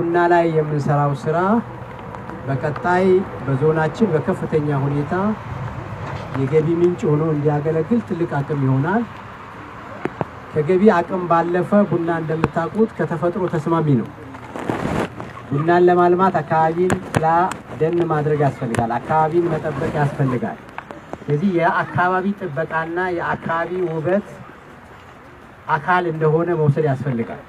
ቡና ላይ የምንሰራው ስራ በቀጣይ በዞናችን በከፍተኛ ሁኔታ የገቢ ምንጭ ሆኖ እንዲያገለግል ትልቅ አቅም ይሆናል። ከገቢ አቅም ባለፈ ቡና እንደምታውቁት ከተፈጥሮ ተስማሚ ነው። ቡናን ለማልማት አካባቢን ለደን ማድረግ ያስፈልጋል። አካባቢን መጠበቅ ያስፈልጋል። ስለዚህ የአካባቢ ጥበቃና የአካባቢ ውበት አካል እንደሆነ መውሰድ ያስፈልጋል።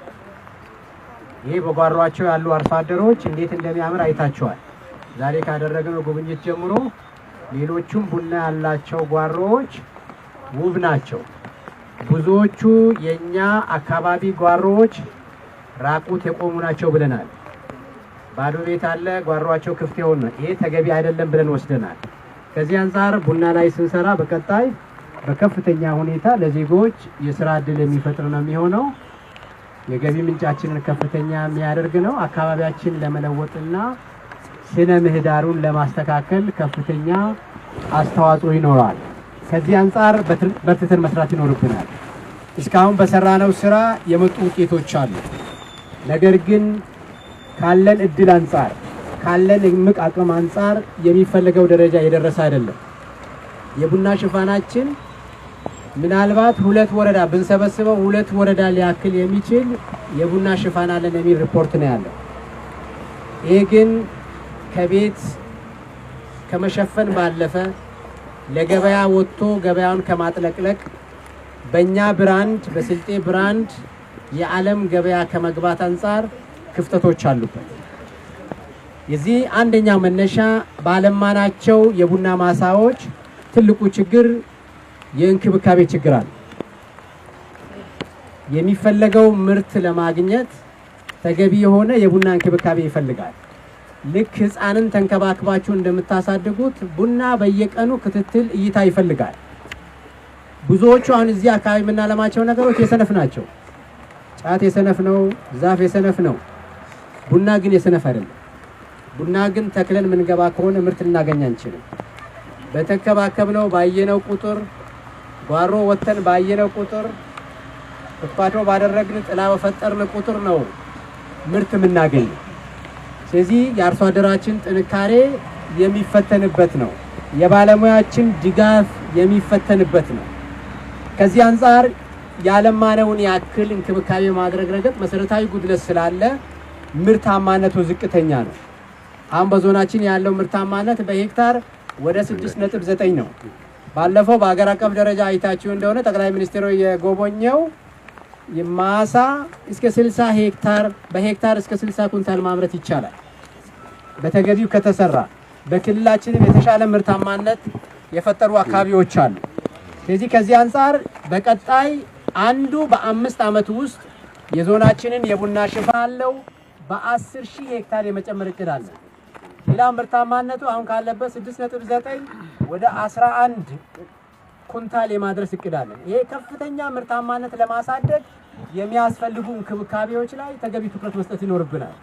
ይሄ በጓሯቸው ያሉ አርሶ አደሮች እንዴት እንደሚያምር አይታቸዋል። ዛሬ ካደረግነው ጉብኝት ጀምሮ ሌሎቹም ቡና ያላቸው ጓሮዎች ውብ ናቸው። ብዙዎቹ የእኛ አካባቢ ጓሮዎች ራቁት የቆሙ ናቸው ብለናል። ባዶ ቤት አለ፣ ጓሮቸው ክፍት የሆነ ይሄ ተገቢ አይደለም ብለን ወስደናል። ከዚህ አንጻር ቡና ላይ ስንሰራ በቀጣይ በከፍተኛ ሁኔታ ለዜጎች የስራ እድል የሚፈጥር ነው የሚሆነው። የገቢ ምንጫችንን ከፍተኛ የሚያደርግ ነው። አካባቢያችን ለመለወጥና ስነ ምህዳሩን ለማስተካከል ከፍተኛ አስተዋጽኦ ይኖረዋል። ከዚህ አንጻር በርትተን መስራት ይኖርብናል። እስካሁን በሰራነው ስራ የመጡ ውጤቶች አሉ። ነገር ግን ካለን እድል አንጻር ካለን እምቅ አቅም አንጻር የሚፈለገው ደረጃ የደረሰ አይደለም። የቡና ሽፋናችን ምናልባት ሁለት ወረዳ ብንሰበስበው ሁለት ወረዳ ሊያክል የሚችል የቡና ሽፋን አለን የሚል ሪፖርት ነው ያለው። ይሄ ግን ከቤት ከመሸፈን ባለፈ ለገበያ ወጥቶ ገበያውን ከማጥለቅለቅ በእኛ ብራንድ በስልጤ ብራንድ የዓለም ገበያ ከመግባት አንጻር ክፍተቶች አሉበት። የዚህ አንደኛው መነሻ ባለማናቸው የቡና ማሳዎች ትልቁ ችግር የእንክብካቤ ችግር አለ። የሚፈለገው ምርት ለማግኘት ተገቢ የሆነ የቡና እንክብካቤ ይፈልጋል። ልክ ህፃንን ተንከባክባችሁ እንደምታሳድጉት ቡና በየቀኑ ክትትል፣ እይታ ይፈልጋል። ብዙዎቹ አሁን እዚህ አካባቢ የምናለማቸው ነገሮች የሰነፍ ናቸው። ጫት የሰነፍ ነው፣ ዛፍ የሰነፍ ነው። ቡና ግን የሰነፍ አይደለም። ቡና ግን ተክለን ምንገባ ከሆነ ምርት ልናገኝ አንችልም። በተንከባከብነው ባየነው ቁጥር ባሮ ወተን ባየነ ቁጥር ፍፋቶ ባደረግን ጥላ በፈጠርን ቁጥር ነው ምርት የምናገኝ። ስለዚህ የአርሶ አደራችን ጥንካሬ የሚፈተንበት ነው። የባለሙያችን ድጋፍ የሚፈተንበት ነው። ከዚህ አንጻር ያለማነውን ያክል እንክብካቤ ማድረግ ረገጥ መሰረታዊ ጉድለት ስላለ ምርታማነቱ ዝቅተኛ ነው። አሁን በዞናችን ያለው ምርታማነት በሄክታር ወደ 6.9 ነው። ባለፈው በሀገር አቀፍ ደረጃ አይታችሁ እንደሆነ ጠቅላይ ሚኒስትሩ የጎበኘው ማሳ እስከ 60 ሄክታር በሄክታር እስከ 60 ኩንታል ማምረት ይቻላል በተገቢው ከተሰራ። በክልላችንም የተሻለ ምርታማነት የፈጠሩ አካባቢዎች አሉ። ስለዚህ ከዚህ አንጻር በቀጣይ አንዱ በአምስት ዓመት ውስጥ የዞናችንን የቡና ሽፋን አለው በ10 ሺህ ሄክታር የመጨመር እቅድ አለ። ሌላ ምርታማነቱ አሁን ካለበት 6.9 ወደ 11 ኩንታል የማድረስ እቅድ አለን። ይሄ ከፍተኛ ምርታማነት ለማሳደግ የሚያስፈልጉ እንክብካቤዎች ላይ ተገቢ ትኩረት መስጠት ይኖርብናል።